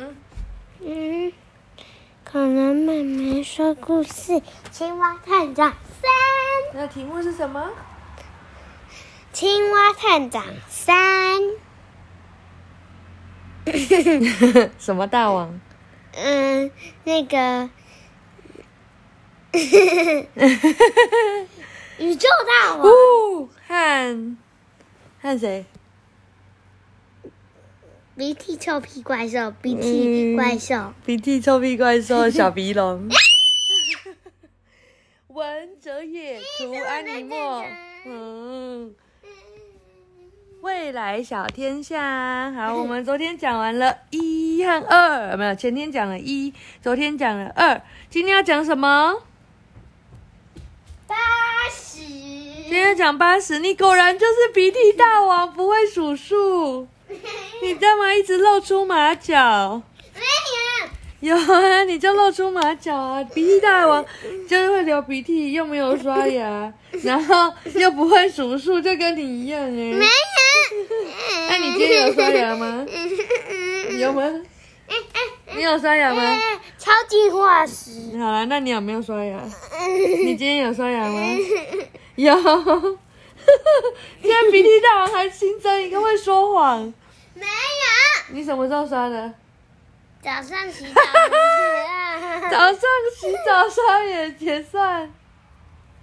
嗯嗯，恐龍妹妹說故事，《青蛙探長三》。那題目是什麼？《青蛙探長三》。什麼大王？嗯，那個。 宇宙大王。哇！和，和誰？鼻涕臭屁怪獸，鼻涕怪獸、嗯、鼻涕臭屁怪獸小鼻龍。 文哲也，圖阿尼默、嗯。未來小天下。好，我們昨天講完了一和二。沒有，前天講了一，昨天講了二，今天要講什麼？八十。今天要講八十？你果然就是鼻涕大王，不會數數。你幹嘛一直露出馬腳？沒有。有啊，你就露出馬腳啊！鼻涕大王就是會流鼻涕，又沒有刷牙，然後又不會數數，就跟你一樣哎、欸。沒有。那、啊、你今天有刷牙嗎？有嗎？你有刷牙嗎？超級化石。好了，那你有沒有刷牙？你今天有刷牙嗎？有。哈哈！連鼻涕大王還新增一個會說謊。沒有。你什麼時候刷的？早上洗澡洗、啊。 早上洗澡刷牙也結算。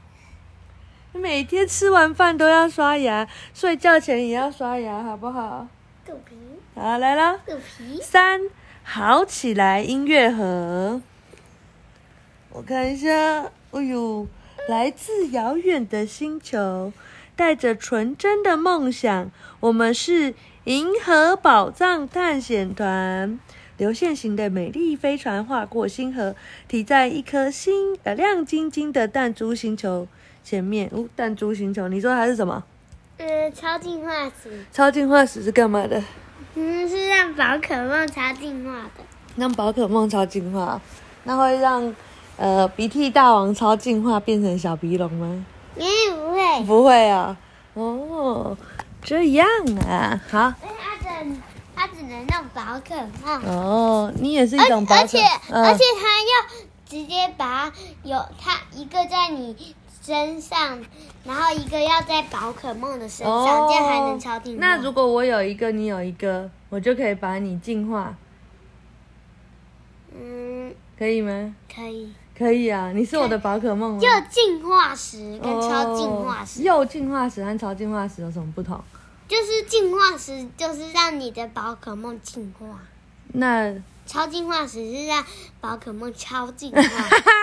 每天吃完飯都要刷牙，睡覺前也要刷牙，好不好？狗皮。好，來了。狗皮。三，好起來音樂盒。我看一下，哎呦，嗯、來自遙遠的星球。帶着純真的夢想，我們是銀河寶藏探險團。流線型的美麗飛船劃過星河，提在一顆星呃亮晶晶的彈珠星球前面。哦，彈珠星球，你說它是什麼？呃、嗯，超進化石。超進化石是幹嘛的？嗯，是讓寶可夢超進化的。的讓寶可夢超進化，那會讓呃鼻涕大王超進化變成小鼻龍嗎？不會啊，哦，這樣啊，好。他只他只能弄寶可夢。哦，你也是一種寶可。而且而且他、嗯、要直接把有他一個在你身上，然後一個要在寶可夢的身上，哦、這樣還能超進化。那如果我有一個，你有一個，我就可以把你進化。嗯，可以嗎？可以。可以啊，你是我的寶可夢。又進化石跟超進化石。又、哦、進化石和超進化石有什麼不同？就是進化石就是讓你的寶可夢進化。那超進化石是讓寶可夢超進化。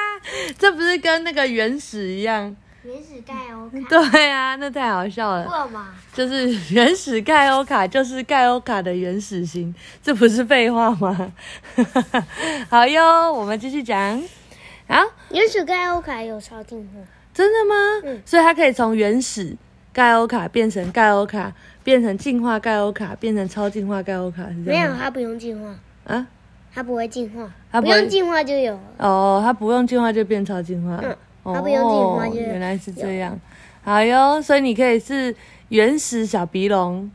這不是跟那個原始一樣？原始蓋歐卡、嗯。對啊，那太好笑了。過嗎？就是原始蓋歐卡就是蓋歐卡的原始型，這不是廢話嗎？ 好喲，我們繼續講。啊！原始蓋歐卡有超進化，真的嗎？嗯，所以它可以從原始蓋歐卡變成蓋歐卡，變成進化蓋歐卡，變成超進化蓋歐卡是這樣，沒有，它不用進化啊，它不會進化，它不，不用進化就有哦，它不用進化就變超進化，嗯哦，它不用進化就有，原來是這樣，好喲，所以你可以是原始小鼻龍，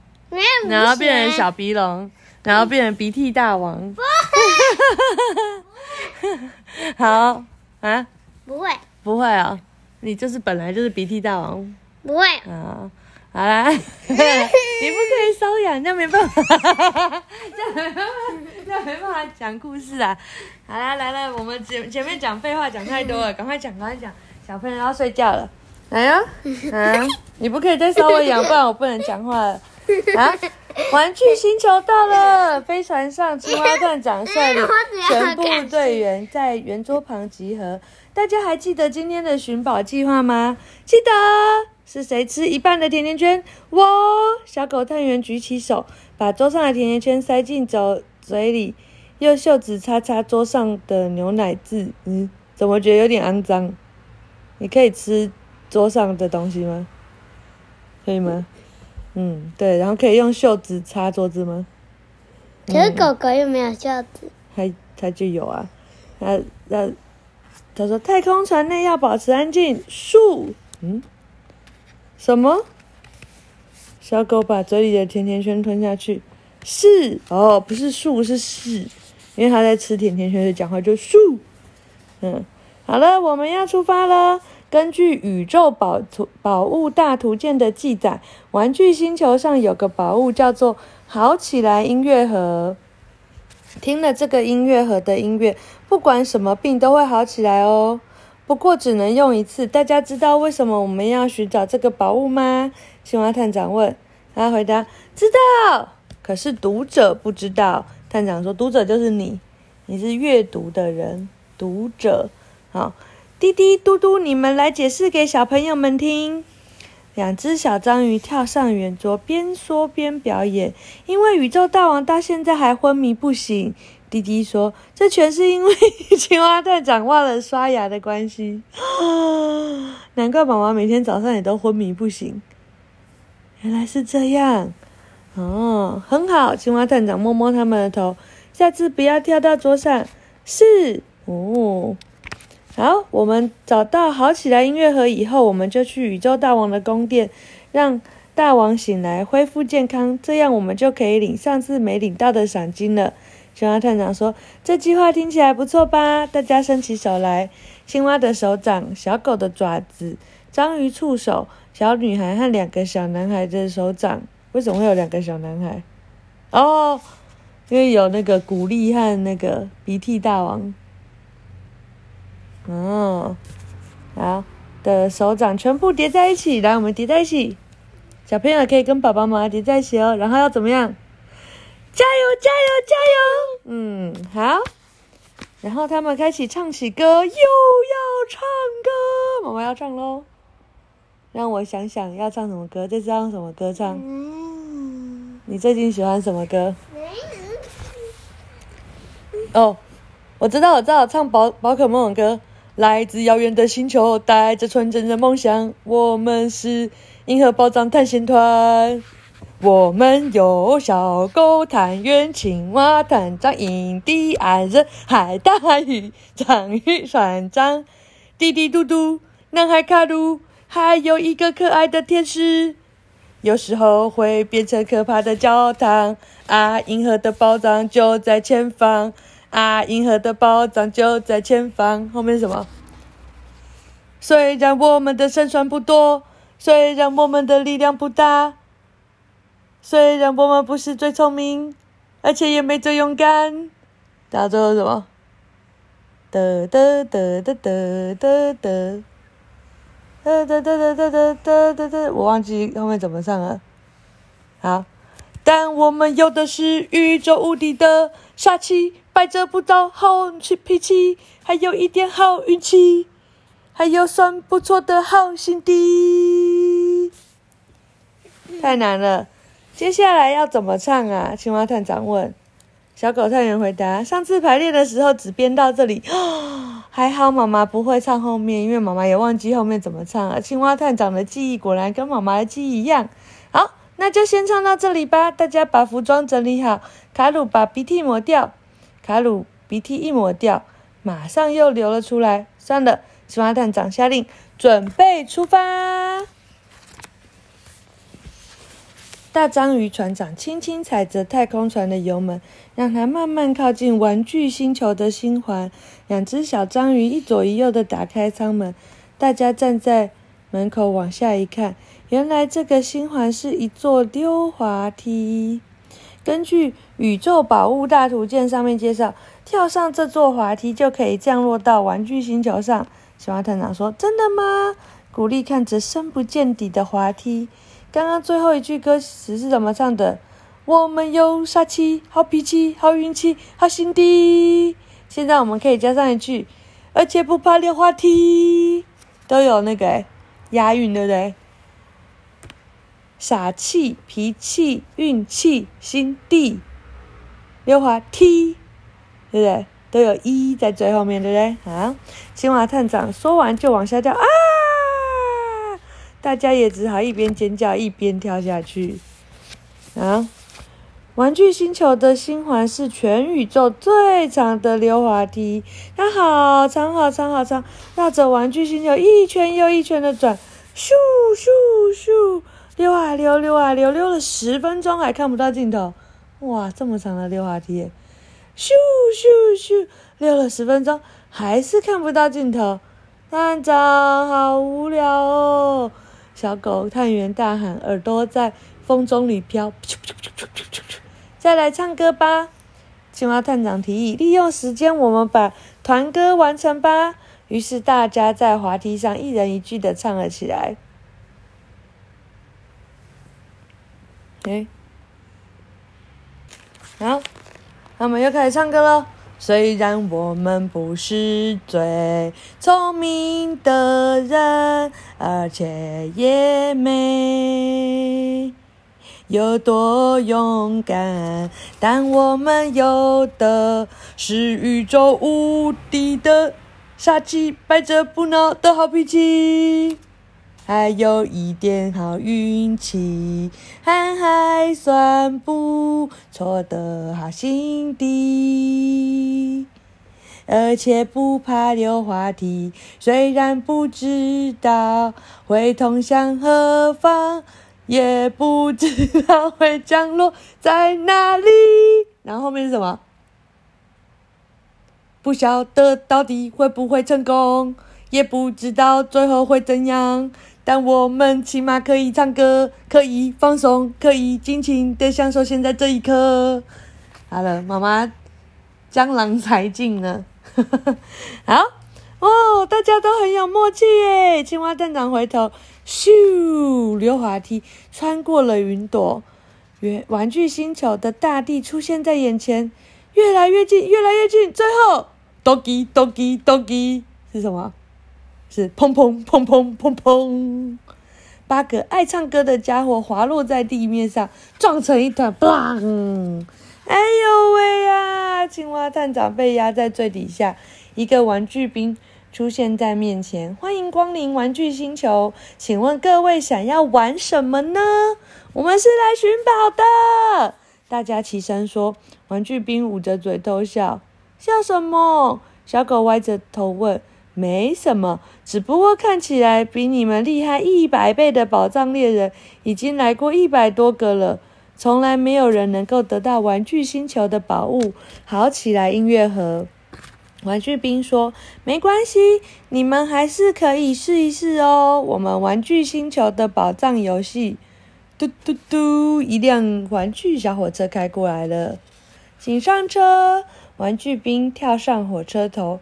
然後變成小鼻龍，然後變成鼻涕大王， 好。啊，不會，不會哦，你就是本來就是鼻涕大王，不會啊，好啦， 你不可以搔癢，那沒， 沒辦法，這樣，這樣沒辦法講故事啊，好啦，來了，我們前前面講廢話講太多了，趕快講，趕快講，小朋友要睡覺了，來啊，來啊，你不可以再搔我癢，不然我不能講話了啊。玩具星球到了， 飛船上青蛙探長率領全部隊員在圓桌旁集合。大家還記得今天的尋寶計劃嗎？記得。是誰吃一半的甜甜圈？我！小狗探員舉起手，把桌上的甜甜圈塞進嘴嘴裡，用袖子擦擦，擦桌上的牛奶漬。嗯，怎麼覺得有點骯髒？你可以吃桌上的東西嗎？可以嗎？嗯，對，然後可以用袖子擦桌子嗎？嗯、可是狗狗又沒有袖子。它它就有啊，它它，它說太空船內要保持安靜。樹嗯，什麼？小狗把嘴裡的甜甜圈吞下去。是哦，不是樹，是屎，因為它在吃甜甜圈，就講話就樹嗯，好了，我們要出發了。根據《宇宙寶圖寶物大圖鑑》的記載，玩具星球上有個寶物，叫做“好起來音樂盒”。聽了這個音樂盒的音樂，不管什麼病都會好起來哦。不過只能用一次。大家知道為什麼我們要尋找這個寶物嗎？青蛙探長問。他回答：知道。可是讀者不知道。探長說：讀者就是你，你是閱讀的人，讀者。好。滴滴嘟嘟，你們來解釋給小朋友們聽。兩隻小章魚跳上圓桌，邊說邊表演。因為宇宙大王到現在還昏迷不醒，滴滴說：“這全是因為呵呵青蛙探長忘了刷牙的關係。”難怪寶寶每天早上也都昏迷不醒。原來是這樣，哦，很好。青蛙探長摸摸他們的頭，下次不要跳到桌上。是，哦。好，我們找到好起來音樂盒以後，我們就去宇宙大王的宮殿，讓大王醒來，恢復健康，這樣我們就可以領上次沒領到的賞金了。青蛙探長說：“這計劃聽起來不錯吧？”大家伸起手來，青蛙的手掌，小狗的爪子，章魚觸手，小女孩和兩個小男孩的手掌。為什麼會有兩個小男孩？哦、oh，因為有那個鼓勵和那個鼻涕大王。嗯，好的，手掌全部疊在一起，來，我們疊在一起。小朋友可以跟爸爸媽媽疊在一起哦。然後要怎麼樣？加油，加油，加油！嗯，好。然後他們開始唱起歌，又要唱歌，媽媽要唱嘍。讓我想想要唱什麼歌，這次要用什麼歌唱。你最近喜歡什麼歌？哦，我知道，我知道，唱寶、寶可夢的歌。來自遙遠的星球，帶着純真的夢想，我們是銀河寶藏探險團。我們有小狗探員、青蛙探長、印第安人、海大魚、章魚船長、滴滴嘟嘟、男孩卡路，還有一個可愛的天使。有時候會變成可怕的教堂啊！銀河的寶藏就在前方。啊！銀河的寶藏就在前方。後面什麼？雖然我們的勝算不多，雖然我們的力量不大，雖然我們不是最聰明，而且也沒最勇敢。打最後什麼？噠噠噠噠噠噠噠噠噠噠噠噠噠噠噠噠。我忘記後面怎麼唱了。好，但我們有的是宇宙無敵的殺氣。還得不到好脾氣，脾氣還有一點好運氣，還有算不錯的好心地。太難了，接下來要怎麼唱啊？青蛙探長問。小狗探員回答：“上次排練的時候只編到這裡，哦，還好媽媽不會唱後面，因為媽媽也忘記後面怎麼唱了。”青蛙探長的記憶果然跟媽媽的記憶一樣。好，那就先唱到這裡吧。大家把服裝整理好，卡魯把鼻涕抹掉。卡魯鼻涕一抹掉，馬上又流了出來。算了，青蛙探長下令，準備出發。大章魚船長輕輕踩着太空船的油門，讓它慢慢靠近玩具星球的星環。兩只小章魚一左一右的打開艙門，大家站在門口往下一看，原來這個星環是一座溜滑梯。根據《宇宙寶物大圖鑑》上面介紹，跳上這座滑梯就可以降落到玩具星球上。青蛙探長說：“真的嗎？”古力看着深不見底的滑梯，剛剛最後一句歌詞是怎麼唱的？我們有傻氣、好脾氣、好運氣、好心地。現在我們可以加上一句，而且不怕溜滑梯，都有那個押韻，對不對？傻氣、脾氣、運氣、心地，溜滑梯，對不對？都有一、e、在最後面，對不對？啊！青蛙探長說完就往下掉啊！大家也只好一邊尖叫一邊跳下去啊！玩具星球的星環是全宇宙最長的溜滑梯，它好長好長好長，好長，繞着玩具星球一圈又一圈的轉，咻咻咻！咻咻溜啊溜啊溜啊溜，溜了十分鐘還看不到盡頭，哇，這麼長的溜滑梯耶！咻咻咻，溜了十分鐘還是看不到盡頭，探長好無聊哦！小狗探員大喊，耳朵在風中裡飄。再來唱歌吧，青蛙探長提議，利用時間我們把團歌完成吧。於是大家在滑梯上一人一句的唱了起來。誒、okay. 好，那我們又開始唱歌了。雖然我們不是最聰明的人，而且也沒有，有多勇敢，但我們有的是宇宙無敵的殺氣，百折不撓的好脾氣。還有一點好運氣，還還算不錯的好心地，而且不怕流話題。雖然不知道會通向何方，也不知道會降落在哪裡。然後後面是什麼？不曉得到底會不會成功，也不知道最後會怎樣。但我們起碼可以唱歌，可以放鬆，可以盡情的享受現在這一刻。好了，媽媽，江郎才盡了。 好哦，大家都很有默契耶！青蛙探長回頭，咻，溜滑梯穿過了雲朵，玩玩具星球的大地出現在眼前，越來越近，越來越近，最後，都吉，都吉，都吉是什麼？是砰砰砰砰砰砰！八個愛唱歌的傢伙滑落在地面上，撞成一團。砰！哎呦喂呀、啊！青蛙探長被壓在最底下。一個玩具兵出現在面前：“歡迎光臨玩具星球，請問各位想要玩什麼呢？”我們是來尋寶的。大家齊聲說。玩具兵捂着嘴偷笑。笑什麼？小狗歪着頭問。沒什麼，只不過看起來比你們厲害一百倍的寶藏獵人已經來過一百多個了，從來沒有人能夠得到玩具星球的寶物。好起來，音樂盒。玩具兵說：“沒關係，你們還是可以試一試哦。”我們玩具星球的寶藏遊戲。嘟嘟嘟，一輛玩具小火車開過來了，請上車。玩具兵跳上火車頭。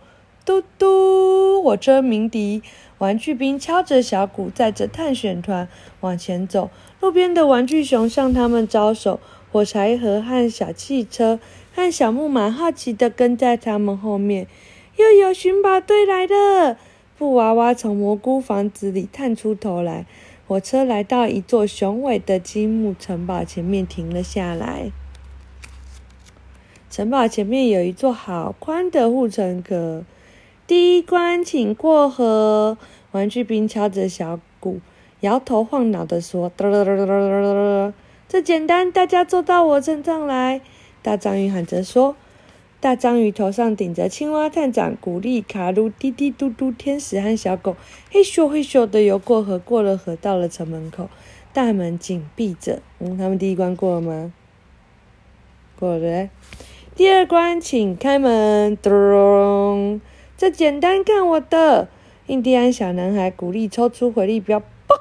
嘟嘟，火車鳴笛，玩具兵敲着小鼓，載着探險團往前走。路邊的玩具熊向他們招手，火柴盒和小汽車和小木馬好奇地跟在他們後面。又有尋寶隊來了，布娃娃從蘑菇房子裡探出頭來。火車來到一座雄偉的積木城堡前面，停了下來。城堡前面有一座好寬的護城河。第一關，請過河。玩具兵敲着小鼓，搖頭晃腦的說：“噠噠噠噠噠。”這簡單，大家坐到我身上來。”大章魚喊着說：“大章魚頭上頂着青蛙探長，鼓勵卡路滴，滴滴嘟嘟，嘟天使和小狗，嘿咻嘿咻的游過河。過了河，到了城門口，大門緊閉着。嗯，他們第一關過了嗎？過了。第二關，請開門，噔噔噔這簡單，看我的！印第安小男孩古力抽出回力鏢，嘣！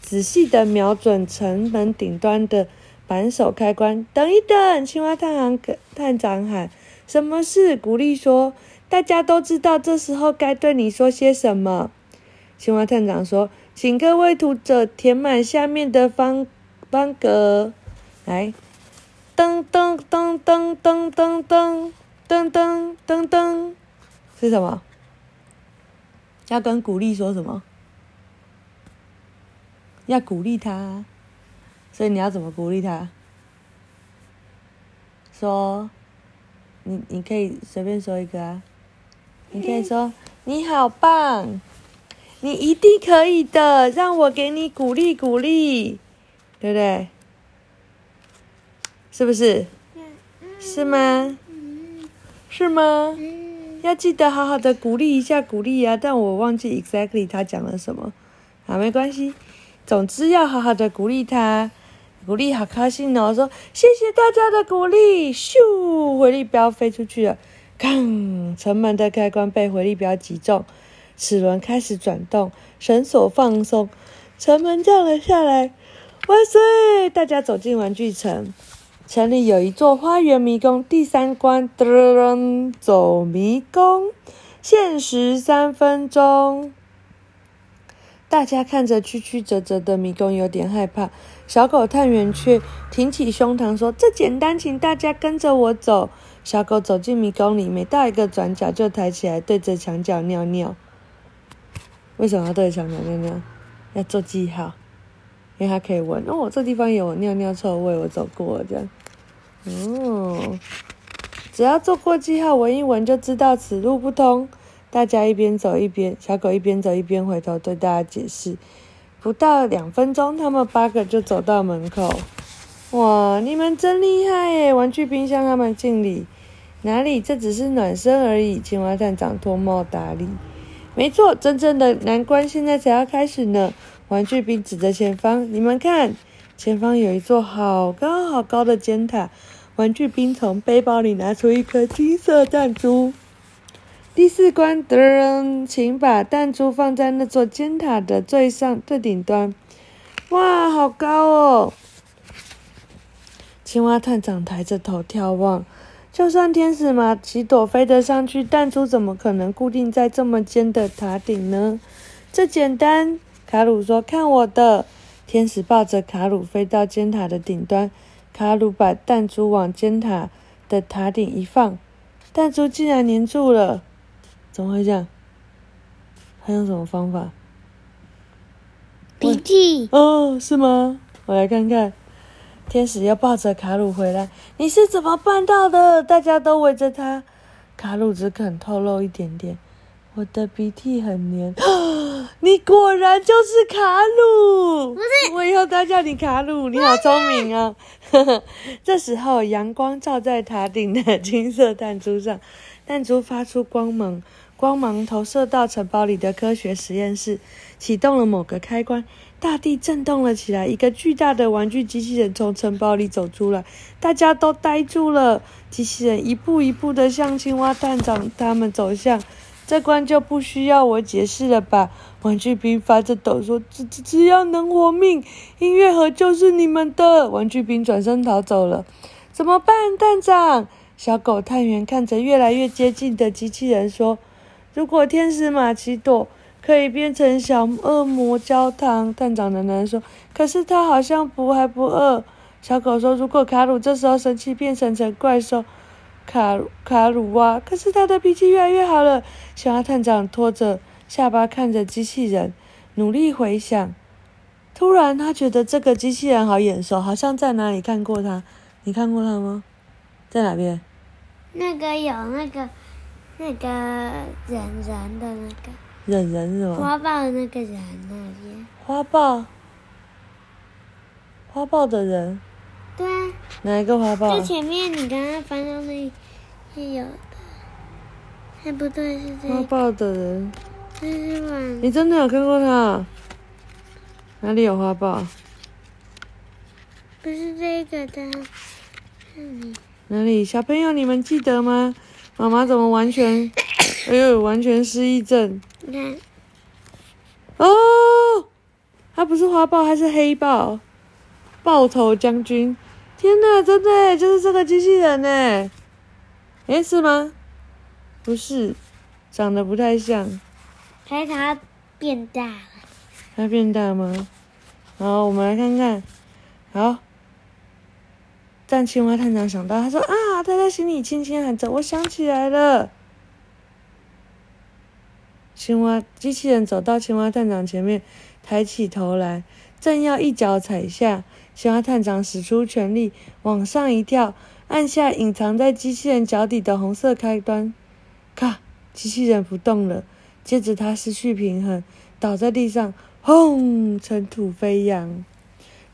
仔細地瞄準城門頂端的扳手開關。等一等，青蛙探長探長喊：“什麼事？”古力說：“大家都知道，這時候該對你說些什麼。”青蛙探長說：“請各位讀者填滿下面的方方格。”來，噔噔噔噔噔噔噔噔噔噔。燈燈燈燈燈燈是什麼？要跟鼓勵說什麼？要鼓勵他啊，所以你要怎麼鼓勵他？說，你你可以隨便說一個啊，你可以說你好棒，你一定可以的，讓我給你鼓勵鼓勵，對不對？是不是？是嗎？是嗎？要記得好好的鼓勵一下，鼓勵呀、啊！但我忘記 exactly 他講了什麼，啊，沒關係，總之要好好的鼓勵他，鼓勵好開心哦，我說謝謝大家的鼓勵，咻，回力鏢飛出去了，砰，城門的開關被回力鏢擊中，齒輪開始轉動，繩索放鬆，城門掉了下來，萬歲！大家走進玩具城。城裡有一座花園迷宮，第三關噔噔噔，走迷宮，限時三分鐘。大家看着曲曲折折的迷宮，有點害怕。小狗探員卻挺起胸膛說：“這簡單，請大家跟着我走。”小狗走進迷宮裡，每到一個轉角就抬起來對着牆角尿尿。為什麼要對着牆角尿尿？要做記號。因為它可以聞，哦，我這地方有尿尿臭味，我走過了這樣，哦，只要做過記號，聞一聞就知道此路不通。大家一邊走一邊，小狗一邊走一邊回頭對大家解釋。不到兩分鐘，他們八個就走到門口。哇，你們真厲害耶！玩具冰箱他們敬禮。哪裡？這只是暖身而已。青蛙探長脫帽打理。沒錯，真正的難關現在才要開始呢。玩具兵指着前方，你們看，前方有一座好高好高的尖塔。玩具兵從背包裡拿出一顆金色彈珠。第四關人、呃、請把彈珠放在那座尖塔的最上最頂端。哇，好高哦！青蛙探長抬着頭眺望，就算天使馬奇朵飛得上去，彈珠怎麼可能固定在這麼尖的塔頂呢？這簡單。卡魯說：“看我的！”天使抱着卡魯飛到尖塔的頂端，卡魯把彈珠往尖塔的塔頂一放，彈珠竟然粘住了！怎麼會這樣？還有什麼方法？冰器？哦，是嗎？我來看看。天使要抱着卡魯回來，你是怎麼辦到的？大家都圍着他，卡魯只肯透露一點點。我的鼻涕很黏。哦、你果然就是卡魯。不是。我以後都叫你卡魯，你好聰明啊、哦！ 這時候，陽光照在塔頂的金色彈珠上，彈珠發出光芒，光芒投射到城堡裡的科學實驗室，啟動了某個開關，大地震動了起來。一個巨大的玩具機器人從城堡裡走出來，大家都呆住了。機器人一步一步的向青蛙探長他們走向。這關就不需要我解釋了吧？玩具兵發着抖說：“只只要能活命，音樂盒就是你們的。”玩具兵轉身逃走了。怎麼辦，探長？小狗探員看着越來越接近的機器人說：“如果天使馬奇朵可以變成小惡魔焦糖，探長的男人說。可是他好像不還不餓。”小狗說：“如果卡魯這時候生氣，變成成怪獸。”卡卡魯哇、啊，可是他的脾氣越來越好了。小阿探長拖着下巴看着機器人，努力回想。突然，他覺得這個機器人好眼熟，好像在哪裡看過他。你看過他嗎？在哪邊？那個有那個那個人人的那個人人是吧？花豹那個人那邊。花豹。花豹的人。對啊，哪一個花豹在前面你剛剛，你剛剛翻到的是有的，還，不對，是這樣。花豹的人。這，就是我。你真的有看過他？哪裡有花豹？不是這個的，那裡。哪裡？小朋友，你們記得嗎？媽媽怎麼完全？ 哎呦，完全失憶症。你看。哦，他不是花豹，他是黑豹，豹頭將軍。天哪，真的，就是這個機器人呢？哎，是嗎？不是，長得不太像。哎，它變大了。它變大嗎？好，我們來看看。好，但青蛙探長想到，他說：“啊，他在心裡輕輕喊着，我想起來了。”青蛙機器人走到青蛙探長前面，抬起頭來，正要一腳踩下。青蛙探長使出全力往上一跳，按下隱藏在機器人腳底的紅色開關，咔！機器人不動了。接着他失去平衡，倒在地上，轟！塵土飛揚。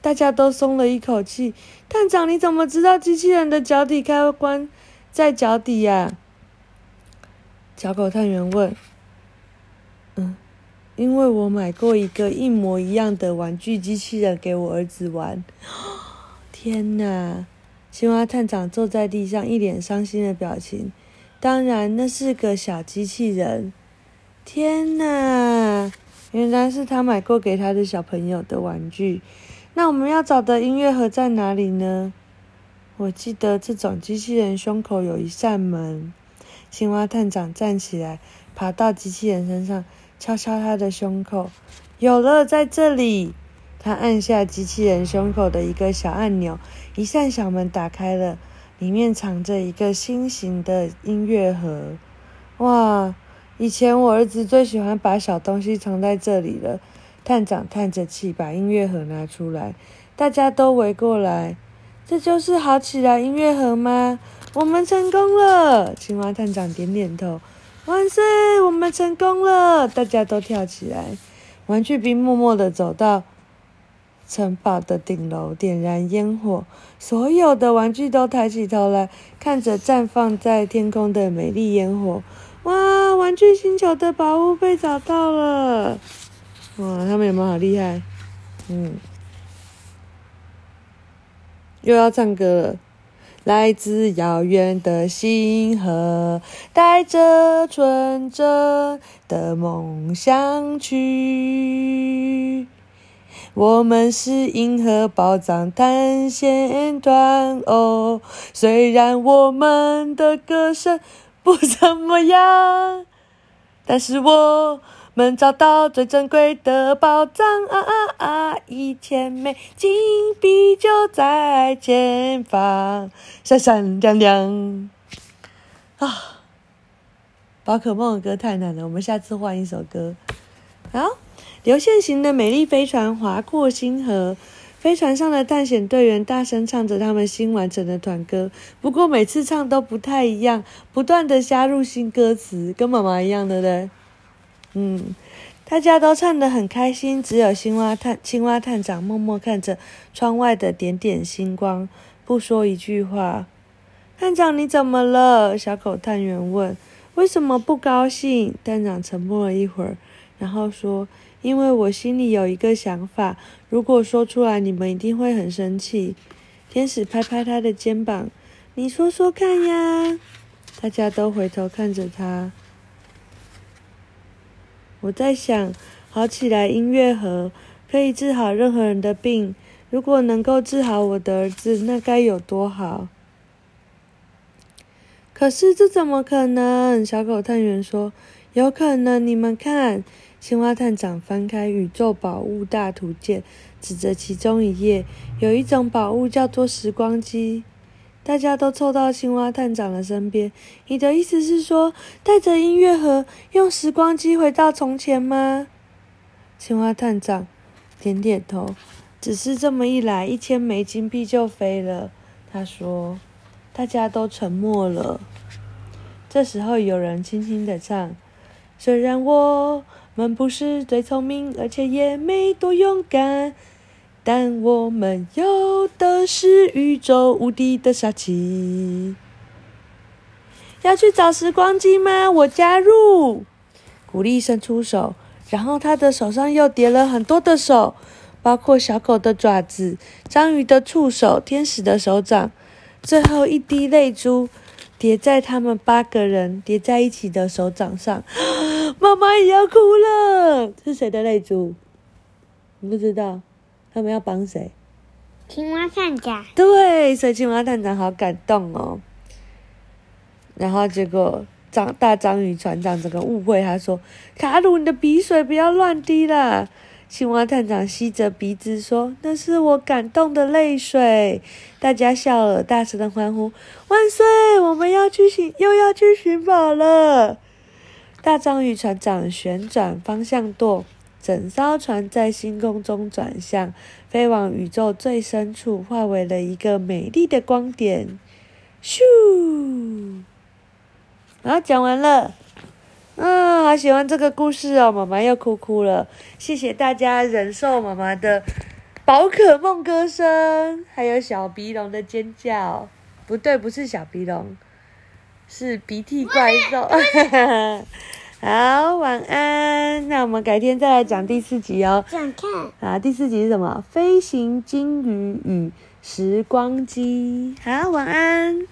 大家都鬆了一口氣。探長，你怎麼知道機器人的腳底開關在腳底呀、啊？小狗探員問。嗯。因為我買過一個一模一樣的玩具機器人給我兒子玩，天哪！青蛙探長坐在地上，一臉傷心的表情。當然，那是個小機器人。天哪！原來是他買過給他的小朋友的玩具。那我們要找的音樂盒在哪裡呢？我記得這種機器人胸口有一扇門。青蛙探長站起來，爬到機器人身上。敲敲他的胸口，有了，在這裡。他按下機器人胸口的一個小按鈕，一扇小門打開了，裡面藏着一個心形的音樂盒。哇，以前我兒子最喜歡把小東西藏在這裡了。探長嘆着氣，把音樂盒拿出來，大家都圍過來。這就是好起來音樂盒嗎？我們成功了！青蛙探長點點頭。萬歲！我們成功了！大家都跳起來！玩具兵默默地走到城堡的頂樓，點燃煙火。所有的玩具都抬起頭來，看着綻放在天空的美麗煙火。哇！玩具星球的寶物被找到了！哇，他們有沒有好厲害？嗯。又要唱歌了。來自遙遠的星河，帶着純真的夢想去。我們是銀河寶藏探險團哦，雖然我們的歌聲不怎麼樣，但是我。們找到最珍貴的寶藏啊！啊啊，一千枚金幣就在前方，閃閃亮亮啊！寶可夢的歌太難了，我們下次換一首歌。好，流線型的美麗飛船劃過星河，飛船上的探險隊員大聲唱着他們新完成的團歌，不過每次唱都不太一樣，不斷的加入新歌詞，跟媽媽一樣的嘞。對不對？嗯，大家都唱得很開心，只有青蛙探青蛙探長默默看着窗外的點點星光，不說一句話。探長，你怎麼了？小狗探員問。為什麼不高興？探長沉默了一會兒，然後說：“因為我心裡有一個想法，如果說出來，你們一定會很生氣。”天使拍拍他的肩膀：“你說說看呀！”大家都回頭看着他。我在想，好起來音樂盒可以治好任何人的病。如果能夠治好我的兒子，那該有多好！可是這怎麼可能？小狗探員說：“有可能。”你們看，青蛙探長翻開《宇宙寶物大圖鑑》，指着其中一頁，有一種寶物叫做時光機。大家都湊到青蛙探長的身邊。你的意思是說，帶着音樂盒，用時光機回到從前嗎？青蛙探長點點頭。只是這麼一來，一千枚金幣就飛了。他說。大家都沉默了。這時候，有人輕輕地唱：“雖然我，我們不是最聰明，而且也沒多勇敢。”但我們有的是宇宙無敵的殺氣。要去找時光機嗎？我加入。古力伸出手，然後他的手上又疊了很多的手，包括小狗的爪子、章魚的觸手、天使的手掌。最後一滴淚珠疊在他們八個人疊在一起的手掌上。媽媽也要哭了。是誰的淚珠？你不知道。他們要幫誰？青蛙探長。對，所以青蛙探長好感動哦。然後結果張大章魚船長整個誤會，他說：“卡魯，你的鼻水不要亂滴啦！”青蛙探長吸着鼻子說：“那是我感動的淚水。”大家笑了，大聲的歡呼：“萬歲！我們要去尋，又要去尋寶了！”大章魚船長旋轉方向舵。整艘船在星空中轉向，飛往宇宙最深處，化為了一個美麗的光點。咻！啊，講完了。啊，好喜歡這個故事哦，媽媽又哭哭了。謝謝大家忍受媽媽的寶可夢歌聲，還有小鼻龍的尖叫。不對，不是小鼻龍，是鼻涕怪獸。 好，晚安。那我們改天再來講第四集哦。講看啊？第四集是什麼？飛行金魚與時光機。好，晚安。